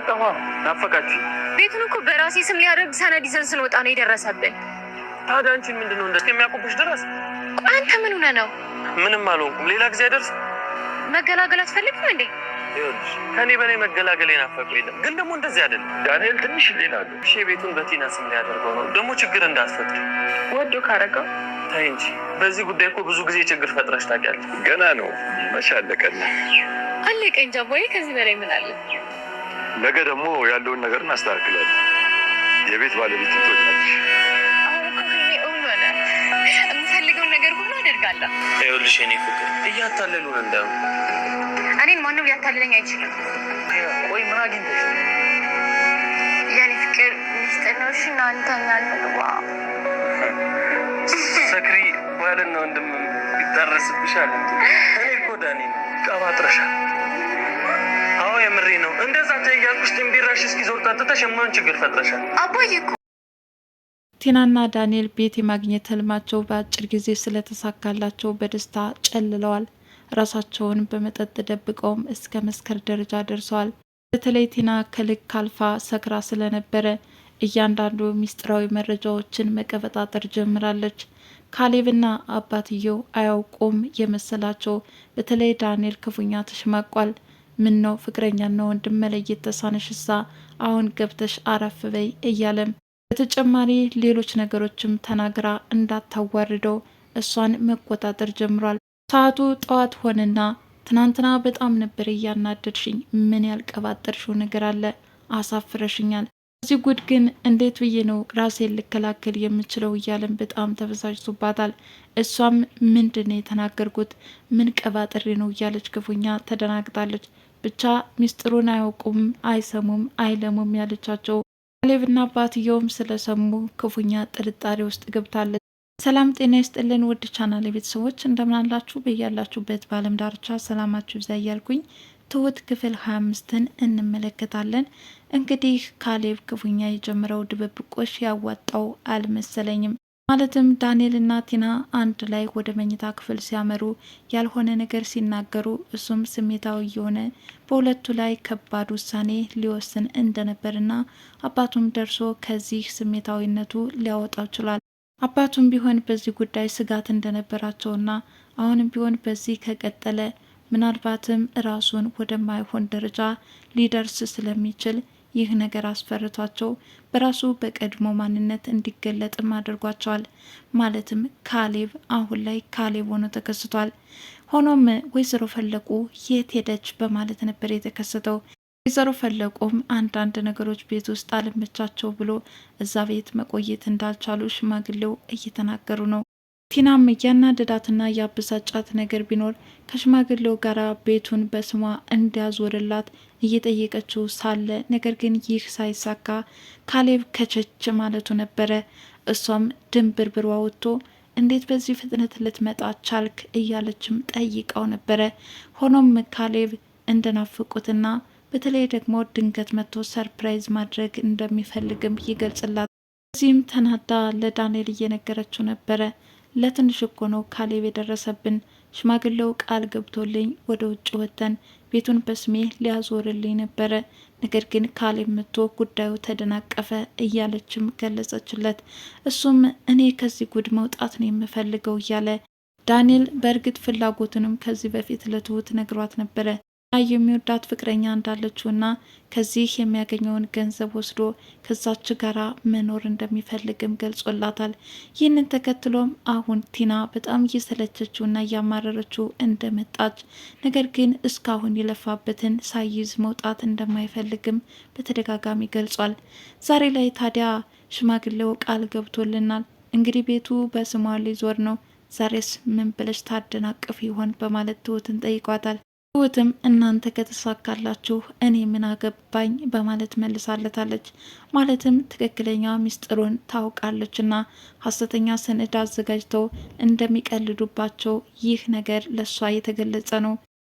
መጣሁ። ናፈቃችሁ። ቤቱን እኮ በራሴ ስም ሊያደርግ ሰነድ ይዘን ስንወጣ ነው የደረሰብን። ታዲያ አንቺን ምንድን ነው እንደዚህ የሚያቆብሽ ድረስ? ቆይ አንተ ምን ሆነህ ነው? ምንም አልሆንኩም። ሌላ ጊዜ አይደርስም። መገላገል አትፈልግም እንዴ? ይኸውልሽ ከእኔ በላይ መገላገል ናፈቀው የለም። ግን ደግሞ እንደዚህ አይደለም ዳንኤል፣ ትንሽ ሌላ አለ። እሺ ቤቱን በቲና ስም ሊያደርገው ነው። ደግሞ ችግር እንዳትፈጥሪ ወዶ ካረገው ታይ እንጂ በዚህ ጉዳይ እኮ ብዙ ጊዜ ችግር ፈጥረሽ ታውቂያለሽ። ገና ነው መቼ አለቀልህ? አለቀ እንጃ። ከዚህ በላይ ምን አለ? ነገ ደግሞ ያለውን ነገር እናስተካክላለን። የቤት ባለቤት እንቶች ናች። የምፈልገውን ነገር ሁሉ አደርጋለሁ። ይኸውልሽ ፍቅር እያታለሉን እንደው እኔን ማንም ሊያታልለኝ አይችልም። ወይ ምን አግኝተሽ የእኔ ፍቅር ሚስጥኖሽ እናንተኛ ንዋ ሰክሪ ባልና ወንድም ይጠረስብሻል። እኔ እኮ ዳኒ ቀባጥረሻል ነው። እንደዛ ተያልኩሽ ድንቢራሽ እስኪ ዞር ጠጥተሽ የማን ችግር ፈጥረሻል? አባዬ እኮ ቲናና ዳንኤል ቤት የማግኘት ህልማቸው በአጭር ጊዜ ስለተሳካላቸው በደስታ ጨልለዋል። ራሳቸውን በመጠጥ ደብቀውም እስከ መስከር ደረጃ ደርሰዋል። በተለይ ቲና ከልክ አልፋ ሰክራ ስለነበረ እያንዳንዱ ሚስጥራዊ መረጃዎችን መቀበጣጠር ጀምራለች። ካሌብና አባትየው አያውቁም የመሰላቸው፣ በተለይ ዳንኤል ክፉኛ ተሸማቋል። ምን ነው ፍቅረኛና ወንድም መለየት ተሳነሽሳ? አሁን ገብተሽ አረፍ በይ እያለም በተጨማሪ ሌሎች ነገሮችም ተናግራ እንዳታዋርደው እሷን መቆጣጠር ጀምሯል። ሰዓቱ ጠዋት ሆነና ትናንትና በጣም ነበር እያናደድሽኝ፣ ምን ያልቀባጠርሽው ነገር አለ? አሳፍረሽኛል። እዚህ ጉድ ግን እንዴት ብዬ ነው ራሴን ልከላከል የምችለው? እያለም በጣም ተበሳጭቶባታል። እሷም ምንድን ነው የተናገርኩት? ምን ቀባጥሬ ነው እያለች ክፉኛ ተደናግጣለች። ብቻ ሚስጥሩን አያውቁም፣ አይሰሙም፣ አይለሙም ያለቻቸው ካሌብና አባትየውም ስለሰሙ ክፉኛ ጥርጣሬ ውስጥ ገብታለች። ሰላም ጤና ይስጥልን ውድ ቻናል ቤተሰቦች እንደምናላችሁ በያላችሁበት በአለም ዳርቻ ሰላማችሁ ይብዛ እያልኩኝ ትሁት ክፍል ሀያ አምስትን እንመለከታለን። እንግዲህ ካሌብ ክፉኛ የጀመረው ድብብቆሽ ያዋጣው አልመሰለኝም። ማለትም ዳንኤልና እና ቲና አንድ ላይ ወደ መኝታ ክፍል ሲያመሩ ያልሆነ ነገር ሲናገሩ እሱም ስሜታዊ የሆነ በሁለቱ ላይ ከባድ ውሳኔ ሊወስን እንደነበርና አባቱም ደርሶ ከዚህ ስሜታዊነቱ ሊያወጣው ችሏል። አባቱም ቢሆን በዚህ ጉዳይ ስጋት እንደነበራቸውና አሁንም ቢሆን በዚህ ከቀጠለ ምናልባትም ራሱን ወደማይሆን ደረጃ ሊደርስ ስለሚችል ይህ ነገር አስፈርቷቸው በራሱ በቀድሞ ማንነት እንዲገለጥም አድርጓቸዋል። ማለትም ካሌብ አሁን ላይ ካሌብ ሆኖ ተከስቷል። ሆኖም ወይዘሮ ፈለቁ የት ሄደች በማለት ነበር የተከሰተው። ወይዘሮ ፈለቁም አንዳንድ ነገሮች ቤት ውስጥ አልመቻቸው ብሎ እዛ ቤት መቆየት እንዳልቻሉ ሽማግሌው እየተናገሩ ነው። ቲናም እያናደዳትና ያበሳጫት ነገር ቢኖር ከሽማግሌው ጋር ቤቱን በስሟ እንዲያዞርላት እየጠየቀችው ሳለ ነገር ግን ይህ ሳይሳካ ካሌብ ከቸች ማለቱ ነበረ። እሷም ድንብርብሯ ወጥቶ እንዴት በዚህ ፍጥነት ልትመጣ ቻልክ እያለችም ጠይቀው ነበረ። ሆኖም ካሌብ እንደናፍቁትና በተለይ ደግሞ ድንገት መጥቶ ሰርፕራይዝ ማድረግ እንደሚፈልግም ይገልጽላት። እዚህም ተናዳ ለዳንኤል እየነገረችው ነበረ። ለትንሽ እኮ ነው ካሌብ የደረሰብን። ሽማግሌው ቃል ገብቶልኝ ወደ ውጭ ወጥተን ቤቱን በስሜ ሊያዞርልኝ ነበረ፣ ነገር ግን ካሌብ መጥቶ ጉዳዩ ተደናቀፈ እያለችም ገለጸችለት። እሱም እኔ ከዚህ ጉድ መውጣት ነው የምፈልገው እያለ ዳንኤል በእርግጥ ፍላጎቱንም ከዚህ በፊት ለትሁት ነግሯት ነበረ። የሚወዳት ፍቅረኛ ና ከዚህ የሚያገኘውን ገንዘብ ወስዶ ከዛች ጋራ መኖር እንደሚፈልግም ገልጾላታል። ይህንን ተከትሎም አሁን ቲና በጣም ና እያማረረችው እንደመጣች ነገር ግን እስካሁን የለፋበትን ሳይዝ መውጣት እንደማይፈልግም በተደጋጋሚ ገልጿል። ዛሬ ላይ ታዲያ ሽማግሌው ቃል ገብቶልናል፣ እንግዲህ ቤቱ በስሟ ሊዞር ነው ዛሬስ ምን ብለሽ ታደናቅፍ ይሆን በማለት ትሁትን ጠይቋታል። ትሁትም እናንተ ከተሳካላችሁ እኔ ምን አገባኝ በማለት መልሳለታለች። ማለትም ትክክለኛ ሚስጥሩን ታውቃለችና ሀሰተኛ ሰነድ አዘጋጅተው እንደሚቀልዱባቸው ይህ ነገር ለሷ የተገለጸ ነው።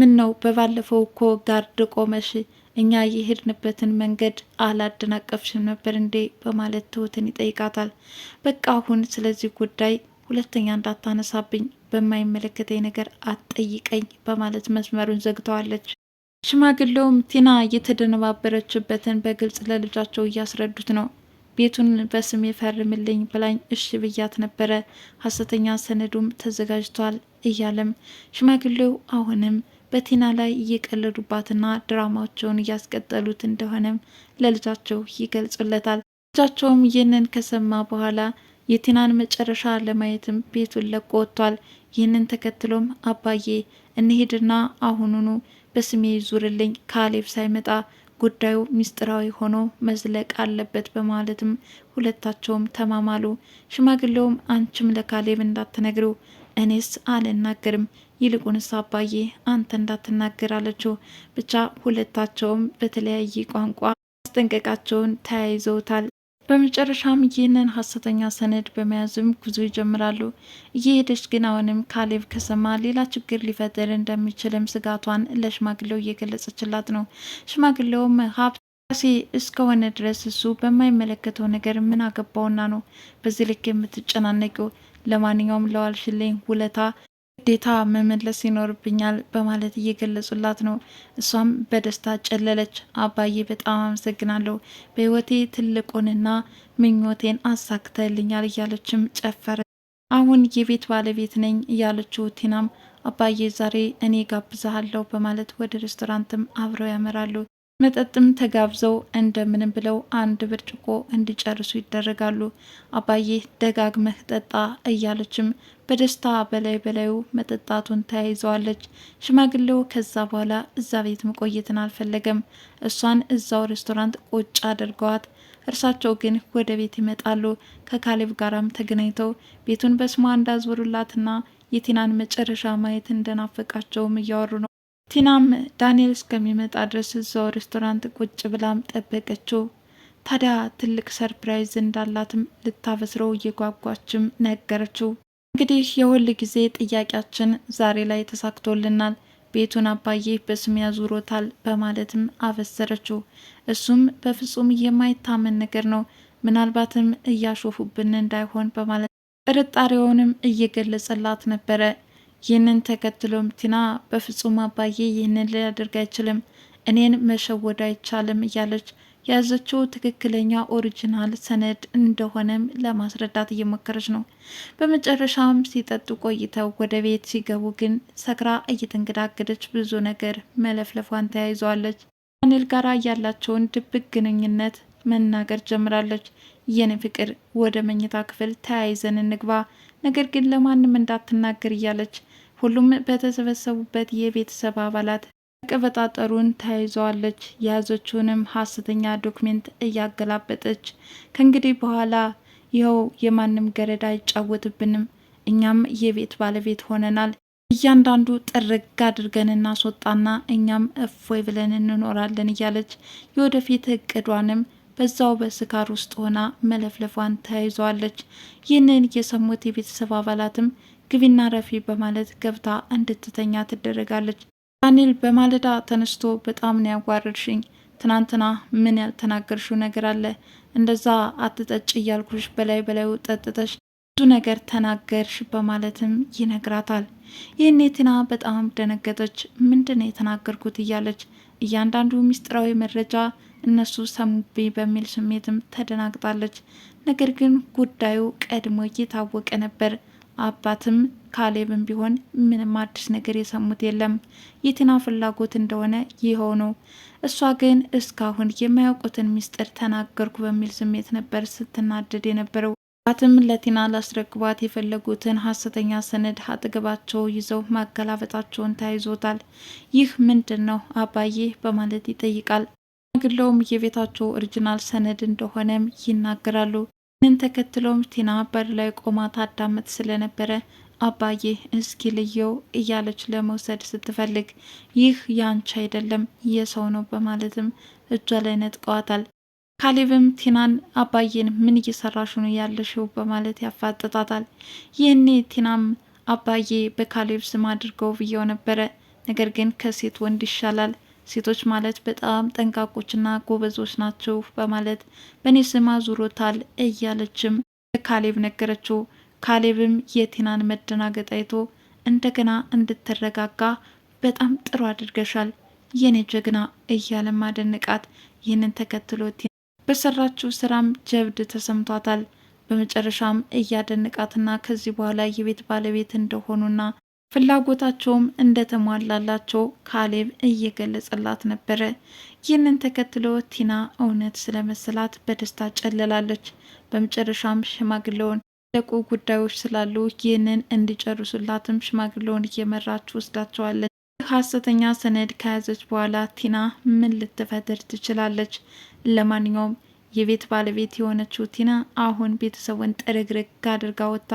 ምን ነው በባለፈው እኮ ጋርድ ቆመሽ እኛ የሄድንበትን መንገድ አላደናቀፍሽም ነበር እንዴ? በማለት ትሁትን ይጠይቃታል። በቃ አሁን ስለዚህ ጉዳይ ሁለተኛ እንዳታነሳብኝ በማይመለከተኝ ነገር አትጠይቀኝ በማለት መስመሩን ዘግተዋለች። ሽማግሌውም ቲና እየተደነባበረችበትን በግልጽ ለልጃቸው እያስረዱት ነው። ቤቱን በስሜ ፈርምልኝ ብላኝ እሺ ብያት ነበረ፣ ሀሰተኛ ሰነዱም ተዘጋጅቷል እያለም ሽማግሌው አሁንም በቲና ላይ እየቀለዱባትና ድራማቸውን እያስቀጠሉት እንደሆነም ለልጃቸው ይገልጹለታል። ልጃቸውም ይህንን ከሰማ በኋላ የቲናን መጨረሻ ለማየትም ቤቱን ለቆ ወጥቷል። ይህንን ተከትሎም አባዬ እንሄድና አሁኑኑ በስሜ ይዙርልኝ ካሌብ ሳይመጣ ጉዳዩ ምስጢራዊ ሆኖ መዝለቅ አለበት በማለትም ሁለታቸውም ተማማሉ። ሽማግሌውም አንቺም ለካሌብ እንዳትነግሩ እኔስ አልናገርም፣ ይልቁንስ አባዬ አንተ እንዳትናገር አለችው። ብቻ ሁለታቸውም በተለያየ ቋንቋ ማስጠንቀቃቸውን ተያይዘውታል። በመጨረሻም ይህንን ሀሰተኛ ሰነድ በመያዝም ጉዞ ይጀምራሉ። እየሄደች ግን አሁንም ካሌብ ከሰማ ሌላ ችግር ሊፈጥር እንደሚችልም ስጋቷን ለሽማግሌው እየገለጸችላት ነው። ሽማግሌውም ሀብት ራሴ እስከሆነ ድረስ እሱ በማይመለከተው ነገር ምን አገባውና ነው በዚህ ልክ የምትጨናነቂው? ለማንኛውም ለዋልሽልኝ ውለታ ግዴታ መመለስ ይኖርብኛል በማለት እየገለጹላት ነው። እሷም በደስታ ጨለለች። አባዬ በጣም አመሰግናለሁ፣ በህይወቴ ትልቁንና ምኞቴን አሳክተልኛል እያለችም ጨፈረ። አሁን የቤት ባለቤት ነኝ እያለችው ቲናም አባዬ ዛሬ እኔ ጋብዛሃለሁ በማለት ወደ ሬስቶራንትም አብረው ያመራሉ። መጠጥም ተጋብዘው እንደምንም ብለው አንድ ብርጭቆ እንዲጨርሱ ይደረጋሉ። አባዬ ደጋግመህ ጠጣ እያለችም በደስታ በላይ በላዩ መጠጣቱን ተያይዘዋለች። ሽማግሌው ከዛ በኋላ እዛ ቤት መቆየትን አልፈለገም። እሷን እዛው ሬስቶራንት ቁጭ አድርገዋት፣ እርሳቸው ግን ወደ ቤት ይመጣሉ። ከካሌብ ጋራም ተገናኝተው ቤቱን በስሟ እንዳዞሩላትና የቲናን መጨረሻ ማየት እንደናፈቃቸውም እያወሩ ነው። ቲናም ዳንኤል እስከሚመጣ ድረስ እዛው ሬስቶራንት ቁጭ ብላም ጠበቀችው። ታዲያ ትልቅ ሰርፕራይዝ እንዳላትም ልታበስረው እየጓጓችም ነገረችው። እንግዲህ የሁል ጊዜ ጥያቄያችን ዛሬ ላይ ተሳክቶልናል፣ ቤቱን አባዬ በስም ያዙሮታል በማለትም አበሰረችው። እሱም በፍጹም የማይታመን ነገር ነው፣ ምናልባትም እያሾፉብን እንዳይሆን በማለት ጥርጣሬውንም እየገለጸላት ነበረ። ይህንን ተከትሎም ቲና በፍጹም አባዬ ይህንን ሊያደርግ አይችልም፣ እኔን መሸወድ አይቻልም እያለች የያዘችው ትክክለኛ ኦሪጂናል ሰነድ እንደሆነም ለማስረዳት እየሞከረች ነው። በመጨረሻም ሲጠጡ ቆይተው ወደ ቤት ሲገቡ ግን ሰክራ እየተንገዳገደች ብዙ ነገር መለፍለፏን ተያይዘዋለች። ዳንኤል ጋር ያላቸውን ድብቅ ግንኙነት መናገር ጀምራለች። የኔ ፍቅር ወደ መኝታ ክፍል ተያይዘን እንግባ፣ ነገር ግን ለማንም እንዳትናገር እያለች ሁሉም በተሰበሰቡበት የቤተሰብ አባላት ቅበጣጠሩን ተያይዘዋለች። የያዘችውንም ሀሰተኛ ዶክሜንት እያገላበጠች ከእንግዲህ በኋላ ይኸው የማንም ገረድ አይጫወትብንም፣ እኛም የቤት ባለቤት ሆነናል። እያንዳንዱ ጥርግ አድርገን እናስወጣና እኛም እፎይ ብለን እንኖራለን እያለች የወደፊት እቅዷንም በዛው በስካር ውስጥ ሆና መለፍለፏን ተያይዘዋለች። ይህንን የሰሙት የቤተሰብ አባላትም ግቢና ረፊ በማለት ገብታ እንድትተኛ ትደረጋለች። ዳንኤል በማለዳ ተነስቶ በጣም ነው ያዋረድሽኝ። ትናንትና ምን ያልተናገርሽው ነገር አለ? እንደዛ አትጠጭ እያልኩሽ በላይ በላዩ ጠጥተሽ ብዙ ነገር ተናገርሽ በማለትም ይነግራታል። ይህኔ ቲና በጣም ደነገጠች። ምንድን ነው የተናገርኩት እያለች እያንዳንዱ ሚስጥራዊ መረጃ እነሱ ሰሙቤ በሚል ስሜትም ተደናግጣለች። ነገር ግን ጉዳዩ ቀድሞ እየታወቀ ነበር። አባትም ካሌብም ቢሆን ምንም አዲስ ነገር የሰሙት የለም። የቲና ፍላጎት እንደሆነ ይኸው ነው። እሷ ግን እስካሁን የማያውቁትን ምስጢር ተናገርኩ በሚል ስሜት ነበር ስትናደድ የነበረው። አባትም ለቲና ላስረክቧት የፈለጉትን ሀሰተኛ ሰነድ አጠገባቸው ይዘው ማገላበጣቸውን ተያይዞታል። ይህ ምንድን ነው አባዬ በማለት ይጠይቃል። ግለውም የቤታቸው ኦሪጂናል ሰነድ እንደሆነም ይናገራሉ። ምን ተከትሎም ቲና በር ላይ ቆማ ታዳምጥ ስለነበረ አባዬ እስኪ ልየው እያለች ለመውሰድ ስትፈልግ ይህ ያንቺ አይደለም የሰው ነው በማለትም እጇ ላይ ነጥቀዋታል። ካሌብም ቲናን አባዬን ምን እየሰራሽ ነው ያለሽው በማለት ያፋጥጣታል። ይህኔ ቲናም አባዬ በካሌብ ስም አድርገው ብየው ነበረ፣ ነገር ግን ከሴት ወንድ ይሻላል ሴቶች ማለት በጣም ጠንቃቆችና ጎበዞች ናቸው በማለት በእኔ ስም አዙሮታል እያለችም ካሌብ ነገረችው። ካሌብም የቴናን መደናገጥ አይቶ እንደገና እንድትረጋጋ በጣም ጥሩ አድርገሻል የኔ ጀግና እያለም ማደንቃት። ይህንን ተከትሎ በሰራችው ስራም ጀብድ ተሰምቷታል። በመጨረሻም እያደንቃትና ከዚህ በኋላ የቤት ባለቤት እንደሆኑና ፍላጎታቸውም እንደተሟላላቸው ካሌብ እየገለጸላት ነበረ። ይህንን ተከትሎ ቲና እውነት ስለመሰላት በደስታ ጨለላለች። በመጨረሻም ሽማግሌውን ለቁ ጉዳዮች ስላሉ ይህንን እንዲጨርሱላትም ሽማግሌውን እየመራች ወስዳቸዋለች። ሀሰተኛ ሰነድ ከያዘች በኋላ ቲና ምን ልትፈጥር ትችላለች? ለማንኛውም የቤት ባለቤት የሆነችው ቲና አሁን ቤተሰቡን ጥርግርግ አድርጋ ወጥታ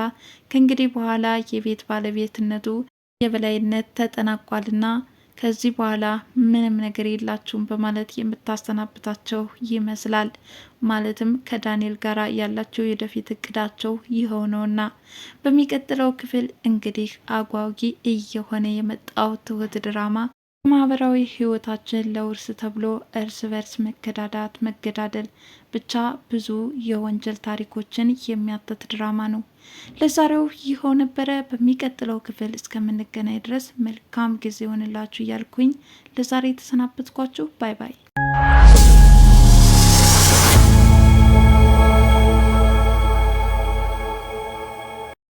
ከእንግዲህ በኋላ የቤት ባለቤትነቱ የበላይነት ተጠናቋልና ከዚህ በኋላ ምንም ነገር የላችሁም በማለት የምታሰናብታቸው ይመስላል። ማለትም ከዳንኤል ጋር ያላቸው የወደፊት እቅዳቸው ይኸው ነውና በሚቀጥለው ክፍል እንግዲህ አጓጊ እየሆነ የመጣው ትሁት ድራማ ማህበራዊ ህይወታችን ለውርስ ተብሎ እርስ በርስ መከዳዳት፣ መገዳደል ብቻ ብዙ የወንጀል ታሪኮችን የሚያትት ድራማ ነው። ለዛሬው ይኸው ነበረ። በሚቀጥለው ክፍል እስከምንገናኝ ድረስ መልካም ጊዜ ሆንላችሁ እያልኩኝ ለዛሬ የተሰናበትኳችሁ ባይ ባይ።